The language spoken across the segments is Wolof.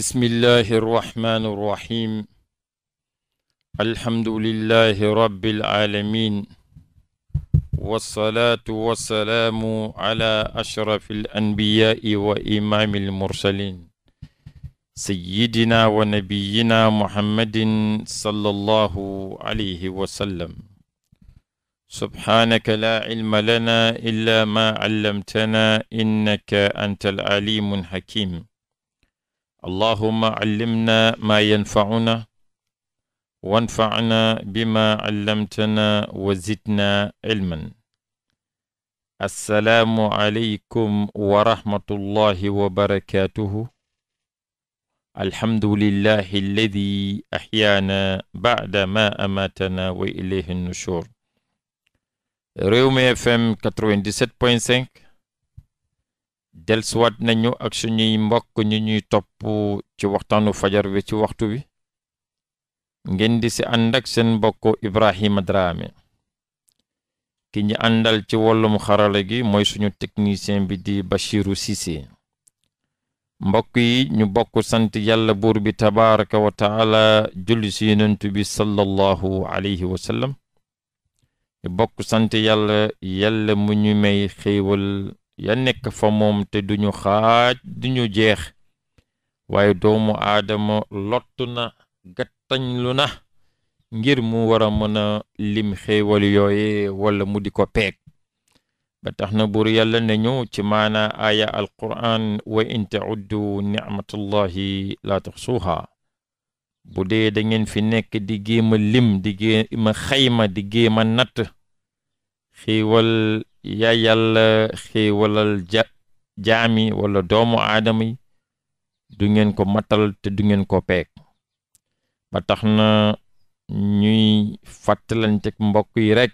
بسم الله الرحمن الرحيم الحمد لله رب العالمين والصلاة والسلام على أشرف الأنبياء وإمام المرسلين سيدنا ونبينا محمد صلى الله عليه وسلم سبحانك لا علم لنا إلا ما علمتنا إنك أنت العليم الحكيم allahuma callimna maa yanfacuna wanfacna bima callamtana wa zidna cilman assalaamu aleykum wa rahmatullahi wa barakaatuhu alhamdulillahi alladi axyaana bacda ma amaatana wa ilayhi nushur Rewmi FM 97.5 delsuwaat nañu ak suñuy mbokk ñu ñuy topp ci waxtaanu fajar wi ci waxtu wi ngeen di ci ànd ak seen mbokk Ibrahima Dramé ki ñu àndal ci wàllum xarala gi mooy suñu technicien bi di Bachiru Cissé mbokk yi ñu bokk sant yàlla buur bi tabaraka wa taala julli si yonent bi sallallahu alayhi wa ñu bokk sant yàlla yàlla mu ñu may xéewal ya nekk fa moom te duñu xaaj duñu jeex waaye doomu aadama lottu na gattañlu na ngir mu war a mën a lim xéewal yooye walla mu di ko peek ba tax na buur yàlla ne ñu ci maanaa aaya alquran wa in tauddu nicmatallahi laa tuxsuuha bu dee da fi nekk di géema lim di géema xayma di gima natt xéewal ya yàlla xéewalal ja jaami wala doomu aadama yi du ngeen ko matal te dungeen ngeen ko peeg ba tax na ñuy fàttalanteeg mbokk yi rek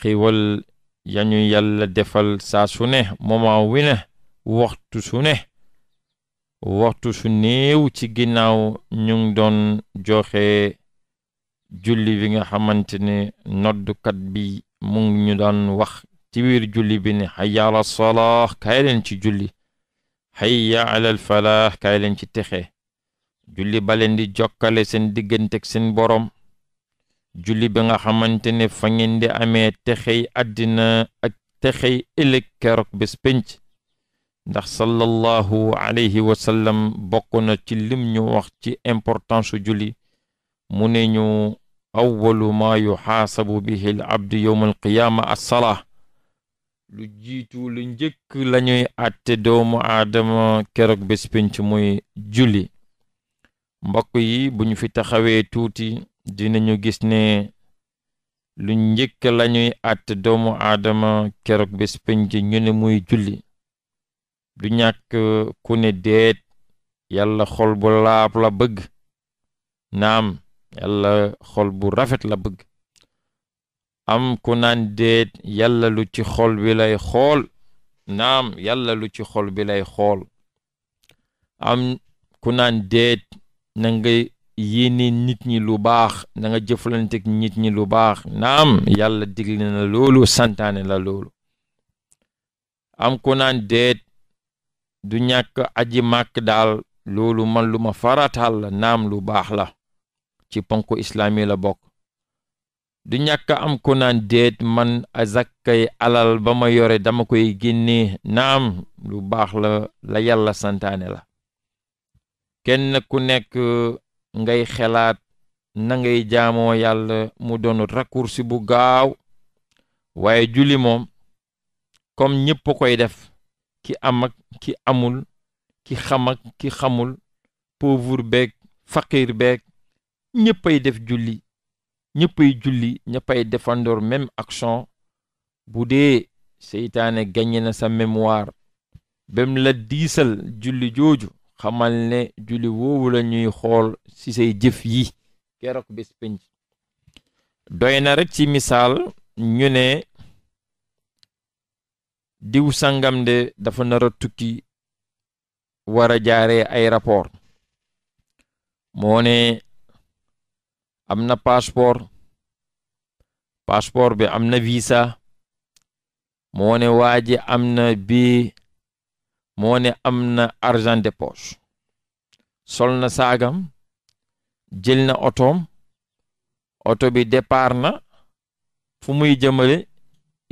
xéewal yañu yàlla defal saa su ne moment wi waxtu su ne waxtu su néew ci ginnaaw ñu doon joxe julli bi nga xamante ne noddukat bi mu ngi ñu daan wax ci biir julli bi ne xayya ala salaax kaay ci julli xayya ala falaax kaay ci texe julli ba leen di jokkale seen digganteeg seen boroom julli bi nga xamante ne fa ngeen di amee texey àddina ak texey ëllëg keroog bés ndax sallallahu alayhi wa sallam na ci lim ñu wax ci importance julli mu ne ñu awwalu maa yuxaasabu bihi al abdu yowma alqiyaama lu jiitu lu jëkk lañuy àtte doomu aadama keroog bés pénc muy julli mbokk yi bu ñu fi taxawee tuuti dinañu gis ne lu njëkk lañuy àtte doomu aadama keroog bés pénc ñu ne muy julli du ñàkk ku ne deet yàlla xol bu laab la bëgg naam yàlla xol bu rafet la bëgg am ku naan déet yàlla lu ci xol bi lay xool naam yàlla lu ci xol bi lay xool am ku naan déet na nga yéene nit ñi lu baax na nga jëflanteeg nit ñi lu baax naam yàlla digle loolu santaane la loolu am ku naan déet du ñàkk aji màkk daal loolu man lu ma farataal la naam lu baax la ci ponko islami la bokk du ñàkk am ku naan déet man azakkay alal ba ma yore dama koy génne naam lu baax la la yàlla santaane la kenn ku nekk ngay xelaat na ngay jaamoo yàlla mu doon raccourci bu gaaw waaye julli moom comme ñépp koy def ki am ki amul ki xam ki xamul pauvre beeg faqir beeg ñépp ay def julli ñëppay julli ñëppay défendre même action bu dee seytaane gañe na sa mémoire bem la diisal julli jooju xamal ne julli woowu la ñuy xool ci say jëf yi keroog doy na rek ci misaal ñu ne diw sangam de dafa nara tukki wara a jaaree ay rapport moo ne am na passeport passeport bi am na visa moo ne waa ji am na bi moo ne am na argent de poche sol na saagam jël na otoom oto bi départ na fu muy jëmale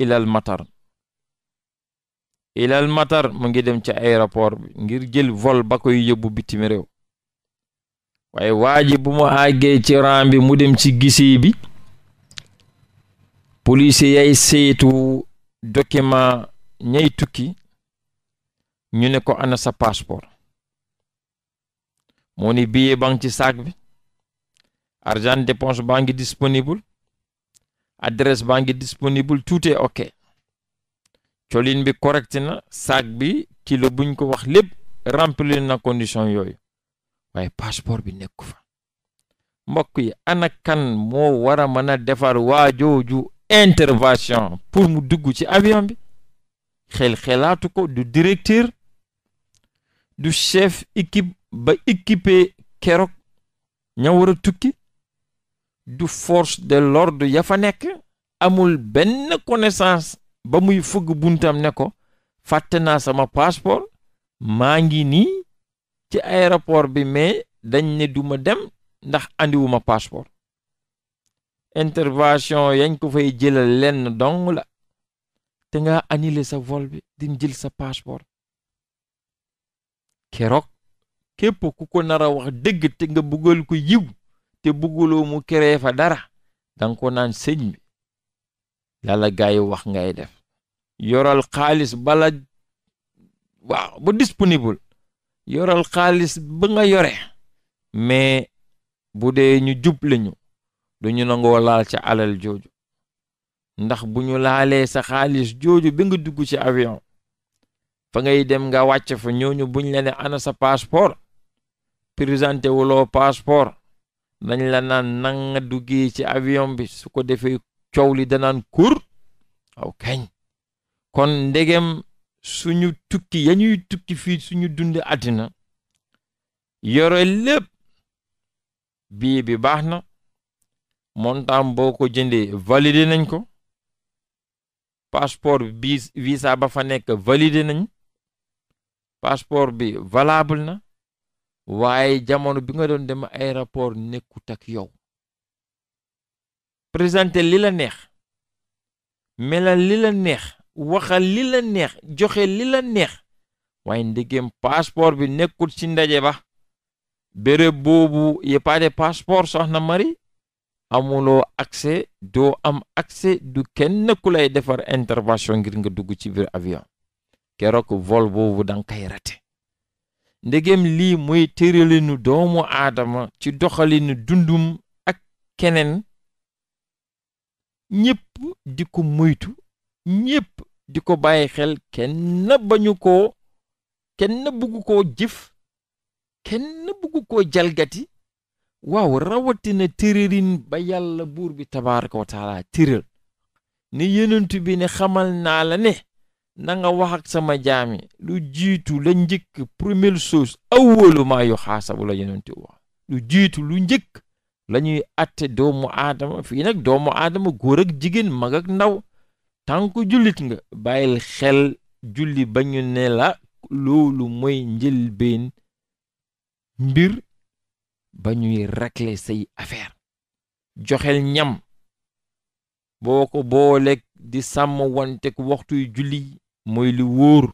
ilal matar ilal matar mu ngi dem ci aéroport bi ngir jël vol ba koy yóbbu bitim réew waaye waa ji bu mu àggee ci ram bi mu dem ci gisee bi policier yay saytu document tukki ñu ne ko ana sa passeport moo ni billet baa ngi ci saak bi argent dépense baa ngi disponible adresse baa ngi disponible tout ok colin bi correct na saak bi kilo buñ ko wax lépp remplir na condition yooyu waaye passeport bi nekku fa mbokk yi ana kan moo war a mën a defar waajooju intervention pour mu dugg ci avion bi xel xelaatu ko du directeur du chef équipe ba équipé keroog ña war a tukki du force de l'ordre ya fa nekk amul benn connaissance ba muy fëgg buntam ne ko fàtte naa sama passeport maa ngi nii ci aéroport bi mais dañ ne duma dem ndax andiwuma passeport intervantion yañ ko fay jëlal lenn dong la te nga annulé sa vol bi jël sa passeport keroog képp ku ko nar a wax dëgg te nga buggal ko yiw te bugguloo mu keree fa dara danga ko naan sëñ bi lala gaay wax ngay def yoral xaalis bala waaw ba disponible yoral xaalis ba nga yore mais bu dee ñu jub lañu duñu nangoo laal ca alal jooju ndax bu ñu laalee sa xaalis jooju bi nga dugg ci avion fa ngay dem nga wàcc fa ñooñu buñ la ne ana sa passeport présenté wuloo passeport dañ la naan nanga duggee ci avion bi su ko defee coow li danaan kur aw kañ kon ndegem suñu tukki yañuy tukki fii suñu dund àddina yore lépp bii bi baax na montant boo ko jëndee validé nañ ko passeport bi visa ba fa nekk validé nañ passeport bi valable na waaye jamono bi nga doon dem aéroport nekkut ak yow présenté li la neex melal li la neex waxal li la neex joxe li la neex waaye ndegem passeport bi nekkul ci ndaje ba béréb boobu yeppaate passeport soxna Mari amuloo accès doo am accès du kenn ku lay defar intervention ngir nga dugg ci biir avion keroog vol boobu danga koy rate ndegem lii mooy tëralinu doomu aadama ci doxalinu dundum ak keneen ñépp di ko moytu ñépp di ko bàyyi xel kenn bañu koo kenn bugg ko jëf kenn bugg ko jalgati waaw rawatina tërërin ba yàlla buur bi tabaaraka wa taala tërër ne yenent bi ne xamal naa la ne nanga nga wax ak sama jaami lu jiitu la njëkk première chose awwalu maa yu xaasabu la yenent wax lu jiitu lu njëkk lañuy ñuy doomu aadama fii nag doomu aadama góor ak jigéen mag ak ndaw tànku jullit nga bàyyil xel julli ba ñu ne la loolu mooy njëlbeen mbir ba ñuy régler say affaire joxel ñam boo ko booleeg di sàmm wanteeg waxtuy julli mooy li wóor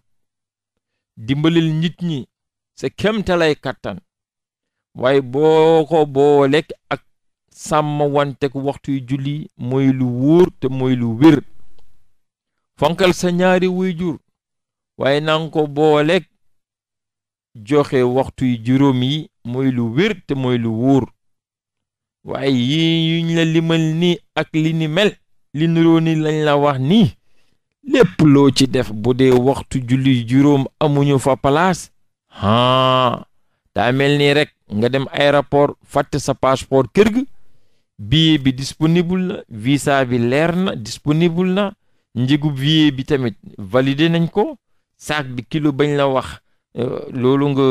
dimbalil nit ñi sa kemtalay kàttan waaye boo ko booleeg ak sàmm wanteeg waxtuy julli mooy lu wóor te mooy lu wér fonkal sa ñaari wuy jur waaye nanga ko booleeg joxe waxtu yu juróom yi moy lu wér te mooy lu wóor waaye yi yuñ la limal nii ak li ni mel li nuroo ni lañ la wax ni lépp loo ci def bu dee waxtu julli juróom amuñu fa palaas haa daa mel nii rek nga dem aéroport fàtte sa passeport kër gi billet bi disponible na visa bi leer na disponible na njigu vie bi tamit validé nañ ko saak bi kilo bañ la wax euh, loolu nga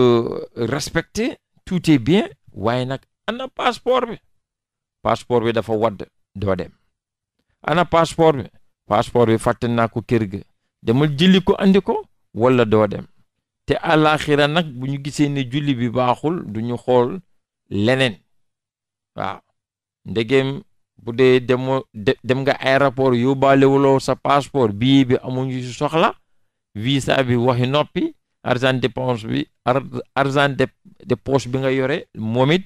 respecté tout est bien waaye nag ana passeport bi passeport bi dafa wadd doo dem ana passeport bi passeport bi fàtte naa ko kër ga demal jëli ko andi ko wala doo dem te àllaaxira nag bu ñu gisee ne julli bi baaxul du ñu xool leneen waaw ndegeem bu dee demoo dem nga aéroport yóbbaalewuloo sa passeport bii bi amuñu si soxla visa bi waxi noppi argent de poche bi argent de bi nga yore moom it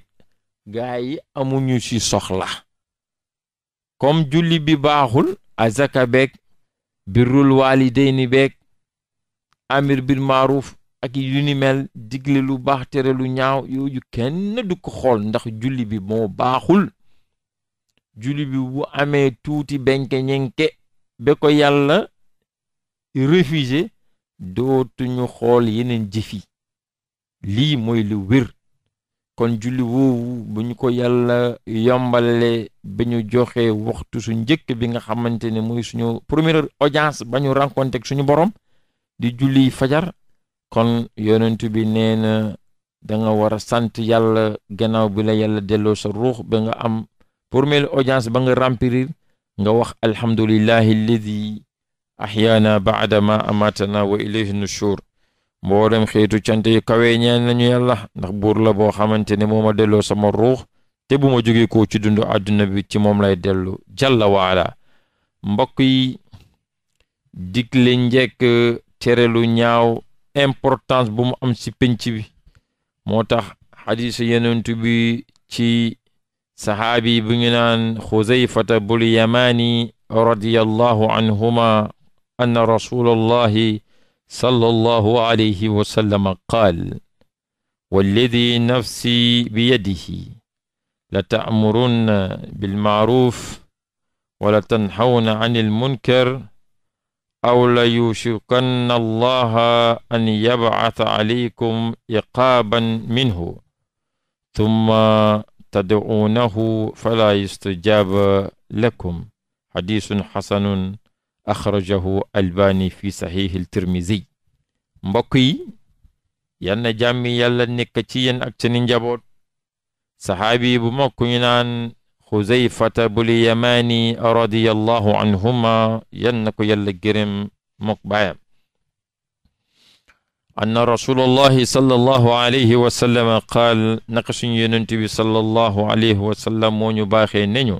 gaa yi amuñu si soxla comme julli bi baaxul azaka beeg birrul waalidayni beeg amir bil maaruf ak yu ni mel digle lu baax tere lu ñaaw yooyu kenn du ko xool ndax julli bi moo baaxul julli bi bu amee tuuti benke ñenke ba ko yàlla refusé dootuñu xool yeneen jëfi lii mooy lu wér kon julli woowu bu ñu ko yàlla yombale ba ñu joxe waxtu su njëkk bi nga xamante ne mooy suñu première audience ba ñu rencontré ak suñu borom di julli fajar kon yonent bi neena danga da sant yàlla gannaaw bi la yàlla delloo sa ruux ba nga am première audience ba nga remplir nga wax alhamdulillahi alladi ahyaana baada ma amatana wa ilayhi nushur mboolem xeetu cant yi kawe ñaan nañu yàlla ndax buur la boo xamante ne moo ma delloo sama ruux te bu ma jóge ko ci dundu àdduna bi ci moom lay dellu jàlla waala mbokk yi digle njekk tere lu ñaaw importance bu mu am ci pénc bi moo tax xadiis yenentu bi ci saxaabi bu ñu naan xuzayfata bul yamaani radiyallahu anhuma anna rasulallahi sallallahu alayhi wa sallam qaal walladi nafsi biyadihi la taamurunna bilmaaruf wala tanxawna an ilmunkar aw la yushikanna allaha an yabcata alaykum iqaaban minhu thumma tad'uunahu falaa yustajaaba lakum xadiisun xasanun axrajahu albaani fi saxiixil tirmizi mbokk yi yal na jàmmi yàlla nekk ci yéen ak seeni njaboot saxaabi bu mag ku ñu naan xuzayfata bul yamaani radiyallahu anhuma yal na ko yàlla gërëm mook anna rasulallahi sallallahu alayhi wa sallam qaal naka suñu yonent bi sallallahu alayhi wa sallam moo ñu baaxee ne ñu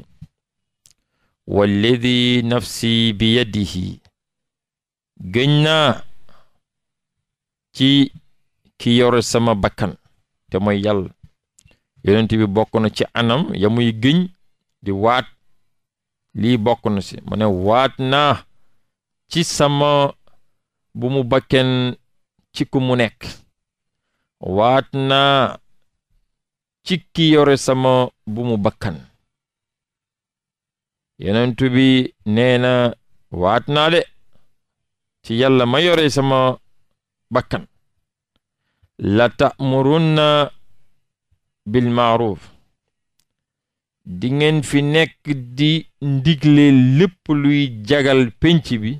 walladi nafsi bi yadihi gëñ naa ci ki yore sama bakkan te moy yàlla yonent bi bokk na ci anam ya muy gëñ di waat lii bokk na si mu ne waat naa ci sama bu mu bakken ci mu nekk waat naa ci ki yore sama bu mu bakkan yenentu bi nee na waat naa de ci yàlla ma yore sama bakkan la ta'murunna bil ma'ruf di ngeen fi nekk di ndigle lépp luy jagal pénc bi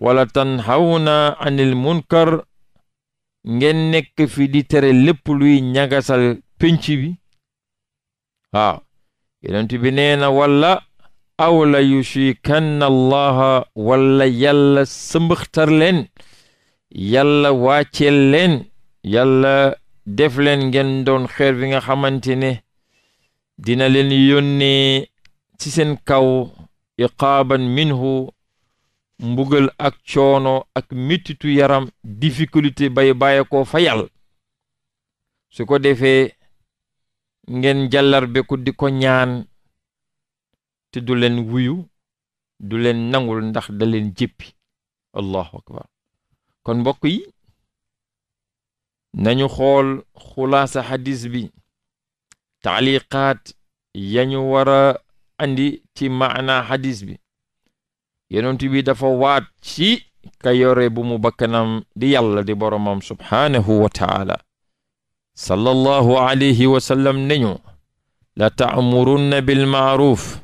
wala tanhawna anil munkar ngeen nekk fi di tere lépp luy ñagasal pénc bi waaw yonent bi nee na wala aw la yushrikanna allaha wala yàlla sëmbaxtar leen yàlla wàcceel leen def leen ngeen doon xeer bi nga xamante ne dina leen yónnee ci seen kaw iqaaban minhu mbugal ak coono ak mettitu yaram difficulté bay bàyye koo fayal yàlla su ko defee ngeen jàllarbe ko di ko ñaan te du leen wuyu du leen nangul ndax da leen jéppi allahu akbar kon mbokk yi nañu xool xulaasa xadis bi taaliqaat yañu war a andi ci maana xadis bi yonent bi dafa waat ci ka yore bu mu bakkanam di yàlla di boromam subhaanahu wa taala sallallahu alayhi wa sallam nañu la taamurunna bil maaruf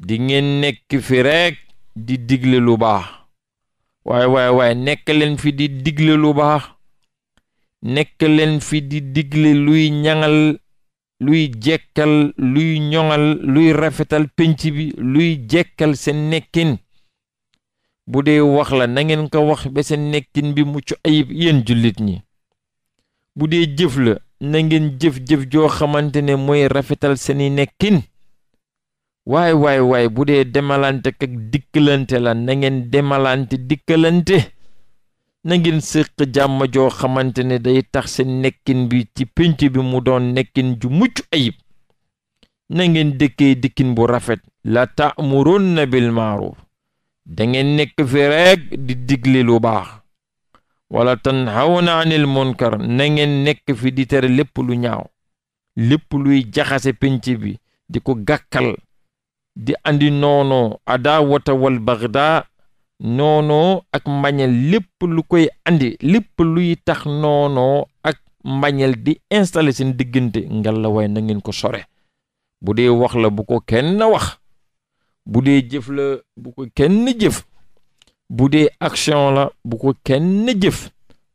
di ngeen nekk fi rekk di digle lu baax waaye waaye waaye nekk leen fi di digle lu baax nekk leen fi di digle luy ñaŋal luy jekkal luy ñoŋal luy rafetal pénc bi luy jëkkal seen nekkin bu dee wax la na ngeen ko wax ba seen nekkin bi mucc ayib yéen jullit ñi bu dee jëf la na ngeen jëf-jëf joo xamante ne mooy rafetal seeni nekkin waaye waay waaye bu dee demalante ak dikkalante la na ngeen demalante dikkalante na ngeen séq jàmm joo xamante ne day tax seen nekkin bi ci pénc bi mu doon nekkin ju mucc ayib na ngeen dëkkee dikkin bu rafet la ta'muruna ron ma'ruf da ngeen nekk fi rek di digle lu baax wala tanhawna anil munkar na ngeen nekk fi di tere lépp lu ñaaw lépp luy jaxase pénc bi di ko gàkkal di andi noonoo adaawata wal bagdaa noonoo ak mbañeel lépp lu koy andi lépp luy tax noonoo ak mbañeel di installe seen diggante ngalla waaye na ko sore bu dee wax la bu ko kenn wax bu dee jëf la bu ko kenn jëf bu dee action la bu ko kenn jëf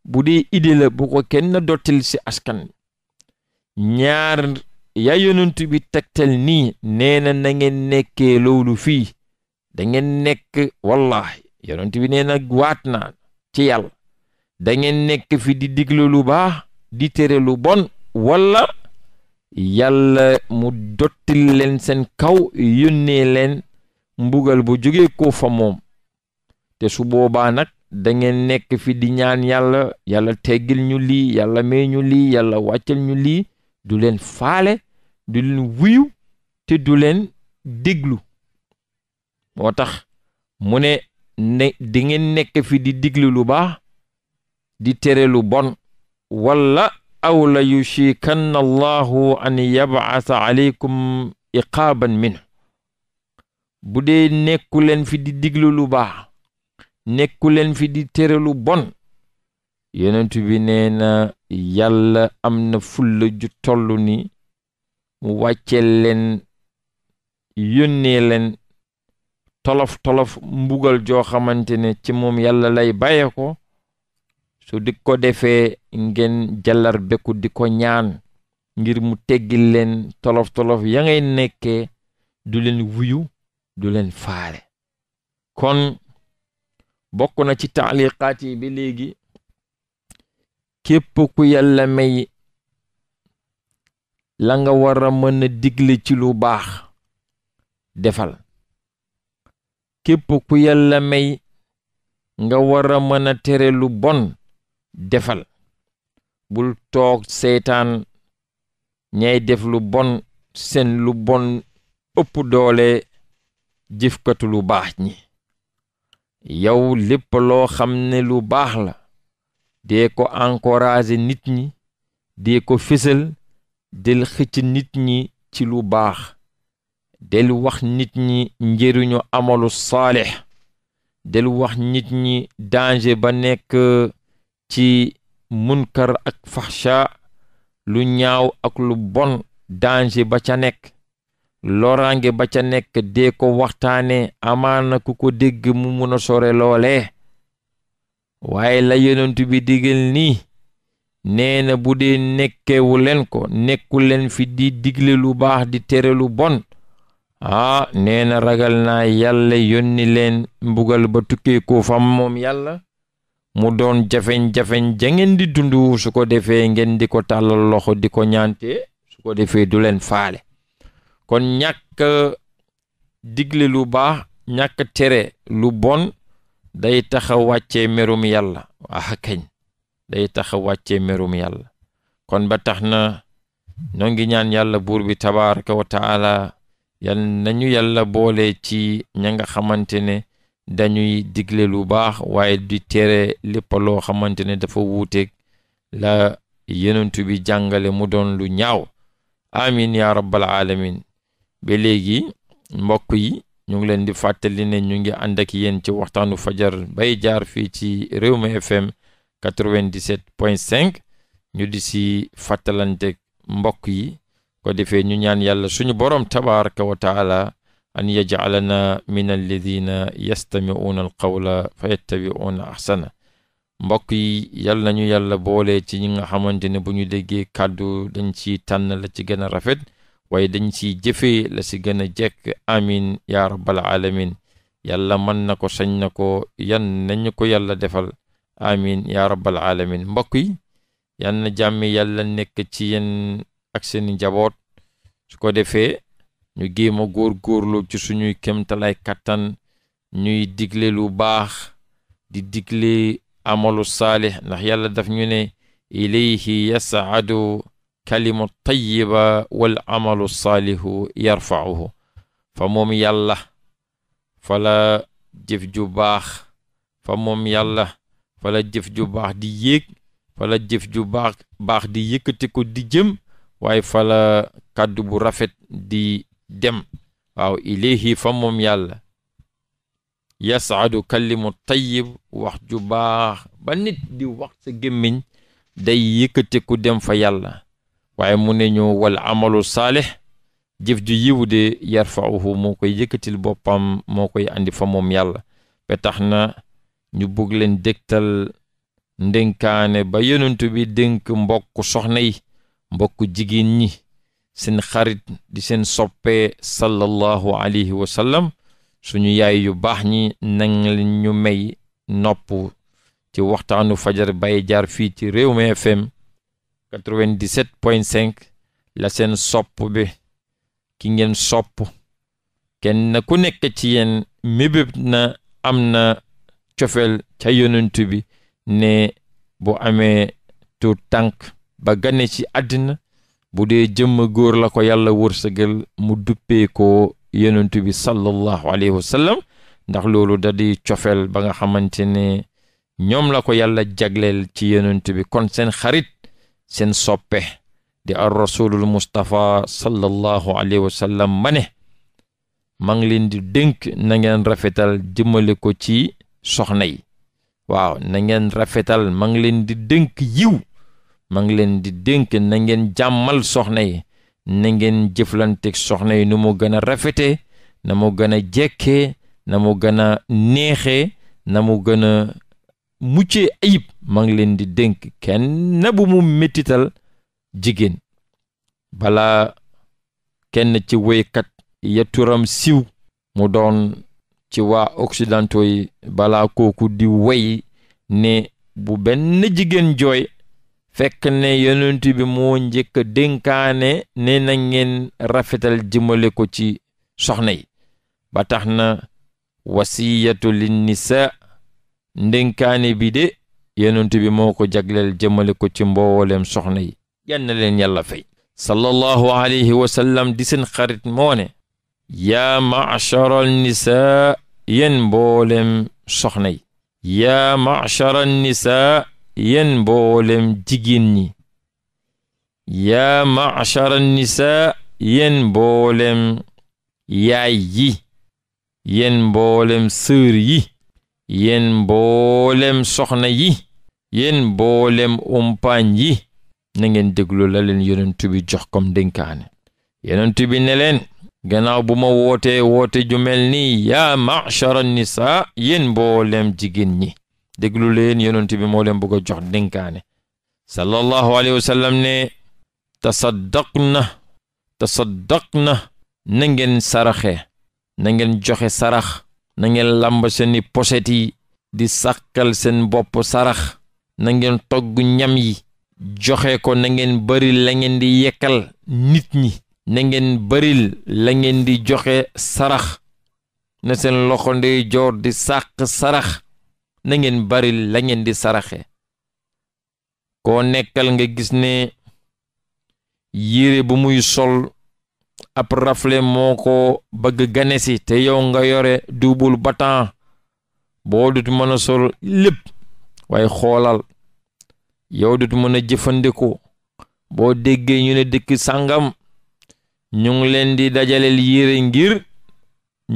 bu dee idée bu ko kenn dottil ci askan ñaar ya yonent bi tegtal nii nee nangeen na nekkee loolu fii da ngeen nekk wallaahi yonent bi nee nag waat naa ci yàlla da ngeen nekk fi di diglu lu baax di tere lu bon walla yàlla mu dottil leen seen kaw yónnee leen mbugal bu jóge ko fa moom te su boobaa nag da ngeen nekk fi di ñaan yàlla yàlla teggil ñu lii yàlla may ñu lii yàlla wàccal ñu lii du leen faale du leen wuyu te du leen déglu moo tax mu ne ne nekk fi di diglu lu baax di tere bon wala awla yu yushikanna allahu an yab'asa aleykum iqaaban minhu bu dee nekku fi di diglu lu baax nekku leen fi di tere bon yonent bi nee na yàlla am na fulla ju toll ni mu wàccee leen tolof-tolof mbugal joo xamante ne ci moom yàlla lay bàyyee su di ko defee ngeen jallar beku di ko ñaan ngir mu teggil leen tolof-tolof ya ngay nekkee du leen wuyu du leen faale kon bokk na ci taaliqaat yi ba léegi képp ku yalla may la nga war a mën a digle ci lu baax defal képp ku yàlla may nga war a mën a tere lu bon defal bul toog seetaan ñay def lu bon seen lu bon ëpp doole jëfkatu lu baax ñi yow lépp loo xam ne lu baax la dee ko encourager nit ñi dee ko fësal del xëcc nit ñi ci lu baax del nit ñi njëriñu amalu saalix del wax nit ñi danger ba nekk ci munkar ak faxsha lu ñaaw ak lu bon danje ba ca nekk loraange ba ca nekk dee ko waxtaane amaana ku ko dégg mu mun a sore loole waaye la yonent bi digal nii nee na bu dee nekkewu leen ko nekku fi di digle lu baax di tere lu bon ah nee ragal naa yàlla yónni leen mbugal ba tukkee ko fam moom yàlla mu doon jafeñ-jafeñ ja ngeen di dund su ko defee ngeen di ko tàllal loxo di ko ñaante su ko defee du leen faale kon ñàkk digle lu baax ñàkk tere lu bon day tax a wàccee merum yàlla ah kañ day tax a wàccee merum yàlla kon ba tax na ngi ñaan yàlla buur bi tabaraka yal nañu yàlla boole ci ña nga xamante ne dañuy digle lu baax waaye di tere lépp loo xamante ne dafa wuuteek la yenentu bi jàngale mu doon lu ñaaw amin ya rabbal alamin ba léegi mbokk yi ñu ngi leen di fàttali ne ñu ngi ànd ak yéen ci waxtaanu fajar bay jaar fii ci réew Rewmi FM 97.5 ñu di si fàttalante mbokk yi ko defee ñu ñaan yàlla suñu borom tabaraka wa taala an yajalana min alladina yastamiuuna alqawla fa yattabiuuna ahsana mbokk yi yàlla nañu yàlla boole ci ñi nga xamante ne bu ñu déggee kàddu dañ ci tànn la ci gën a rafet waaye dañ ci jëfee la ci gën a jekk amin ya rabbal alamin yàlla mën na ko sañ na ko yan nañu ko yàlla defal amin ya rabbal alamin mbokk yi yan na jàmmi yàlla nekk ci yéen ak seeni njaboot su ko defee ñu géem góor-góorlu ci suñuy kémtalaay kàttan ñuy digle lu baax di digle amalu saalix ndax yàlla daf ñu ne ilayhi yasaadu kalima tayiba wal amalu saalihu yarfauhu fa moom yàlla fa jëf ju baax yàlla fa jëf ju di yéeg fa jëf ju baax baax di yëkkati ko di jëm waaye fa la kàddu bu rafet di dem waaw ilayhi fa moom yàlla yasaadu kallimu tayyib wax ju baax ba nit di wax sa gémmiñ day yëkkati dem fa yàlla waaye mu ne ñu wal amalu saalih jëf ju yiw de yarfauhu moo koy yëkkatil boppam moo koy andi fa moom yàlla ba tax na ñu bëgg leen dëktal ndénkaane ba yonent bi dénk mbokk soxna yi mbokk jigéen ñi seen xarit di seen soppee sallallahu alayhi wa suñu yaay yu baax ñi nang ñu may nopp ci waxtaanu fajar bay jaar fii ci réew Rewmi FM 97.5 la seen sopp bi ki ngeen sopp kenn ku nekk ci yéen mébéb na am na cofeel ca yonent bi ne bu amee tuut tànk ba gane ci àddina bu dee jëmm góor la ko yàlla wërsëgal mu duppee ko yonent bi sallallahu alayhi wasallam ndax loolu da di cofeel ba nga xamante ne ñoom la ko yàlla jagleel ci yonent bi kon seen xarit seen soppe di ar rasulul mustapha sallallahu alayhi wasallam ma ne maa ngi leen di dënk nangeen rafetal jëmmale ko ci soxna yi waaw na rafetal maa ngi leen di dënk yiw ma leen di dénk na ngeen jàmmal soxna yi na ngeen jëflanteeg soxna yi nu mu gën a rafete na mu gën a jekkee na mu gën a neexee na mu gën a muccee ayib ma leen di dénk kenn bu mu mettital jigéen bala kenn ci woykat ya turam siw mu doon ci waa occidentaux balaa kooku di way ne bu benn jigéen jooy fekk ne yonent bi moo njëkk dénkaane ne na ngeen rafetal jëmale ko ci soxna yi ba tax na wasiyatu lin nisa ndénkaane bi de yonent bi moo ko jagleel jëmale ko ci mboolem soxna yi yan leen yàlla fay sallallahu alayhi wa sallam di seen xarit moone ne yaa ma'shara nisa yéen mbooleem soxna yi yaa ma'shara nisa yen mboolem jigéen ñi yaa ma'shara nisaa yéen mboolem yaay yi yéen mboolem sër yi yéen mboolem soxna yi yéen mboolem umpaañ yi na ngeen déglu la leen yonent jox kom dénkaane yonent bi ne leen gannaaw bu ma woote woote ju mel nii yaa ma'shara nisaa yéen mboolem jigéen ñi déglu leen yonent bi moo leen bëgg a jox dénkaane sallallahu alayhi wa sallam ne tasaddaqna tasaddaqna na ngeen saraxe na ngeen joxe sarax na ngeen làmb seeni poset yi di sàkkal seen bopp sarax na ngeen togg ñam yi joxe ko na ngeen baril la di yekkal nit ñi na ngeen baril la ngeen di joxe sarax na seen loxo ndey joor di sàq sarax na bari la ngeen di saraxe koo nekkal nga gis ne yére bu muy sol ab rafle moo ko bëgg ganesi te yow nga yore duubul batan boo dut mën a sol lépp waaye xoolal yow dut mën a jëfandikoo boo déggee ñu ne dikk sàngam ñu ngi leen di dajaleel yére ngir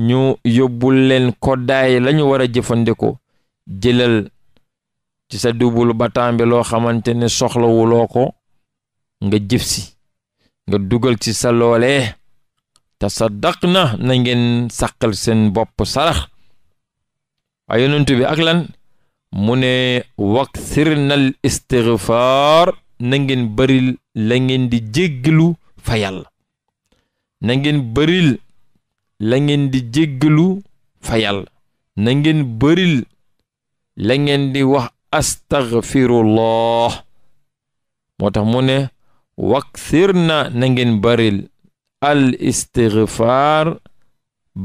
ñu yóbbul leen koddaay lañu war a jëfandikoo jëlal ci sa dubul bataan loo xamante ne soxlawuloo ko nga jëf si nga dugal ci sa loole te sa daq na na ngeen sàqal seen bopp sarax ay yonent bi ak lan mu ne waksir nal istigfaar na ngeen bëril di jéggalu fa yàlla na ngeen bëril la ngeen di jéggalu fa yàlla langeen di wax astaghfirullah moo tax mu ne wakthir na na ngeen baril al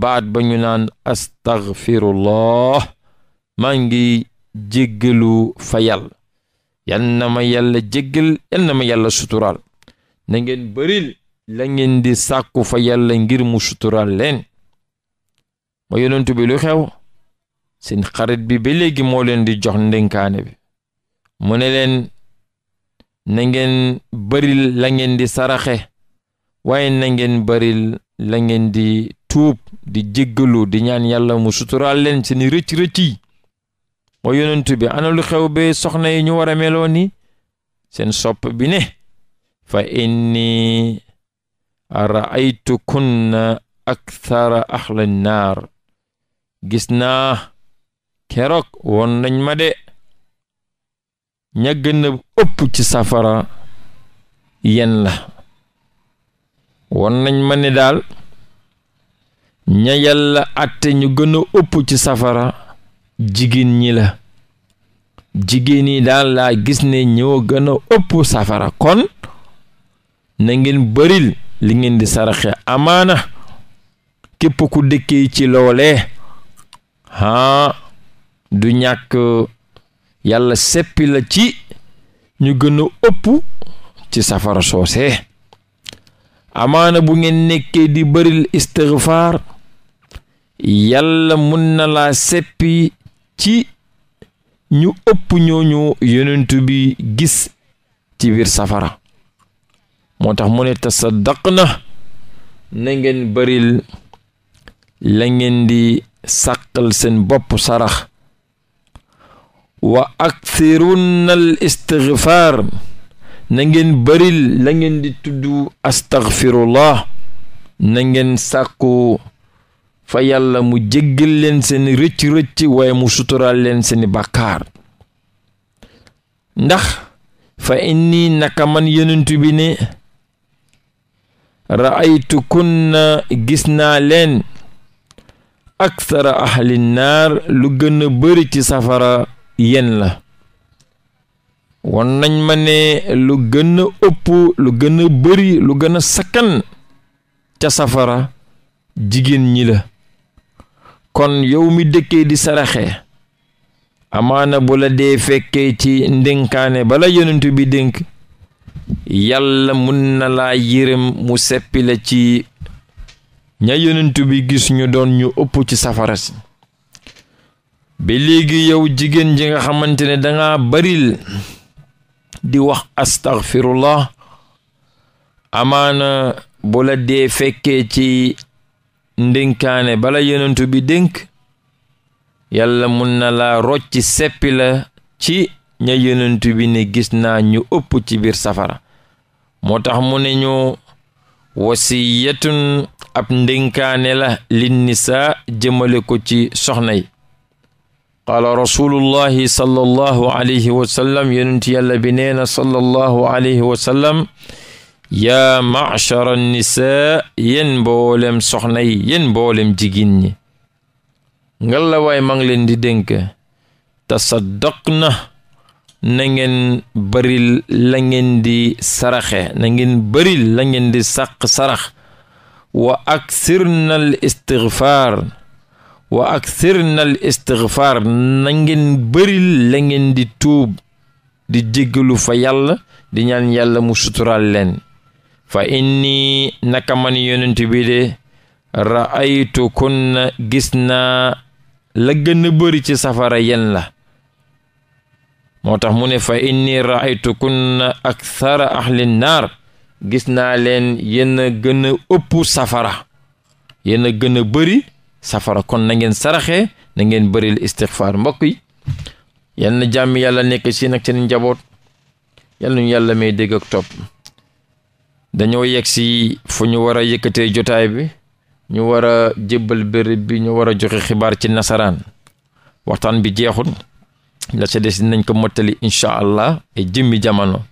baat ba ñu naan astaghfirullah maa ngi jéggalu fa yàlla yal na ma yàlla jéggal yal ma yàlla sutural na ngeen baril la ngeen di sàkku fa yàlla ngir mu suturaal leen ma yonentu bi lu xew seen xarit bi ba léegi moo leen di jox ndénkaane bi mu ne leen na ngeen baril la di saraxe waaye na ngeen baril la ngeen di tuub di jéggalu di ñaan yàlla mu suturaal leen seeni rëcc-rëcc yi moo bi ana lu xew ba soxna yi ñu war a meloo ni seen sopp bi ne fa inni raaytukunna akthara ahlan naar gis naa keroog won nañ ma de ña gën ëpp ci safara yen la won ma ni daal ña yàlla àtte ñu gën ëpp ci safara jigéen ñi la jigéen yi daal laa gis ne ñoo gën ëpp safara kon na ngeen bëril li ngeen di saraxe amaana képp ku dëkkee ci loole haa du ñàkk yàlla seppi la ci ñu gën a ëpp ci safara soose amaana bu ngeen nekkee di bëril istigfaar yàlla mun na la seppi ci ñu ëpp ñooñu yonentu bi gis ci biir safara moo tax mu ne tasaddaq na na ngeen bëril la ngeen di sàqal seen bopp sarax wa aksirunna al istigfaar na ngeen bëril la ngeen di tudd astagfirullah na ngeen sàkku fa yàlla mu jéggal leen seen rëcc-rëcc waaye mu suturaal leen seeni bàkkaar ndax fa inni naka man yenentu bi ne ra'aytu kunna gis naa leen aksara ahli naar lu gën a bëri ci safara yéen la won nañ ma ne lu gën ëpp lu gën a bëri lu gën a sakkan ca safara jigéen ñi la kon yow mi dëkkee di saraxe amaana bu la dee fekkee ci ndénkaane bala yonent bi dénk yàlla mun na laa yërëm mu seppi la ci ña yonent bi gisuñu doon ñu ëpp ci safara si ba léegi yow jigéen ji nga xamante ne danga baril di wax astaghfirullah amaana bu la dee fekkee ci ndénkaane bala yenentu bi dénk yàlla mun na la rocci seppi la ci ña yenentu bi ne gis naa ñu ëpp ci biir safara moo tax mu ne ñu wasiyatun ab ndénkaane la lin saa jëmale ko ci soxna yi qaala rasulullahi sallallahu alayhi wa sallam yonent yàlla bi nee na sallallahu alayhi wa sallam yaa machara nisaa yéen boolem soxna yi yéen mboolem jigéen ñi ngal la waay maa ngi leen di dénk tasaddaqna na ngeen baril la ngeen di saraxe na ngeen baril la ngeen di sàq sarax wa aksirna al wa aksirna al istigfaar na ngeen bëri la ngeen di tuub di jéggalu fa yàlla di ñaan yàlla mu sutural leen fa inni naka man bi de ra'aytu kunna gis naa la gën a bëri ci safara yen la moo tax mu ne fa inni ra'aytu kunna akthara ahli naar gis naa leen yéen a ëpp safara yéen a bëri safara kon na ngeen saraxe na ngeen bëril istixfaar mbokk yi yal na jàmm yàlla nekk si nag seen njaboot yal nañu yàlla may dégg ak dañoo yegg si fo ñu war a yëkkatee jotaay bi ñu war a jébbal béréb bi ñu war a joxe xibaar ci nasaraan waxtaan bi jeexul la sa des nañ ko mottali incha allah ay e jëmmi jamono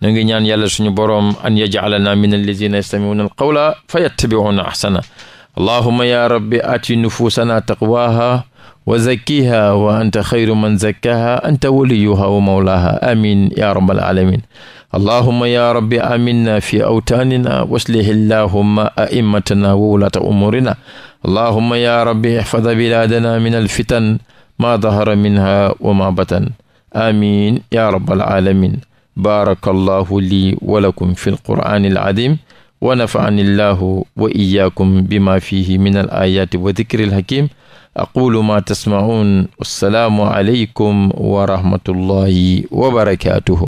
na ngi ñaan yàlla suñu boroom an yajalana min alladina yastamiuna alqawla fa yattabiuna ahsana allahuma ya rabbi ati nufuusanaa taqwaha wa zakkiha wa anta xayru man zakkaha anta waliyuha wa mawlaha amin ya rabbal alamin allahuma ya rabbi aminna fi awtaanina waslih illahuma a'immatana wa wulata umurina allahuma ya rabbi ihfada bilaadana min alfitan ma dahara minha wa ma batan amin ya rabbal alamin baarakallahu lii wa lakum fi alqur'aani alazim wa nafaani llahu wa iyaakum bima fihi min al ayaati wa dikril hakim aqulu ma tasmaun wassalaamu aleykum wa rahmatullahi wa barakatuhu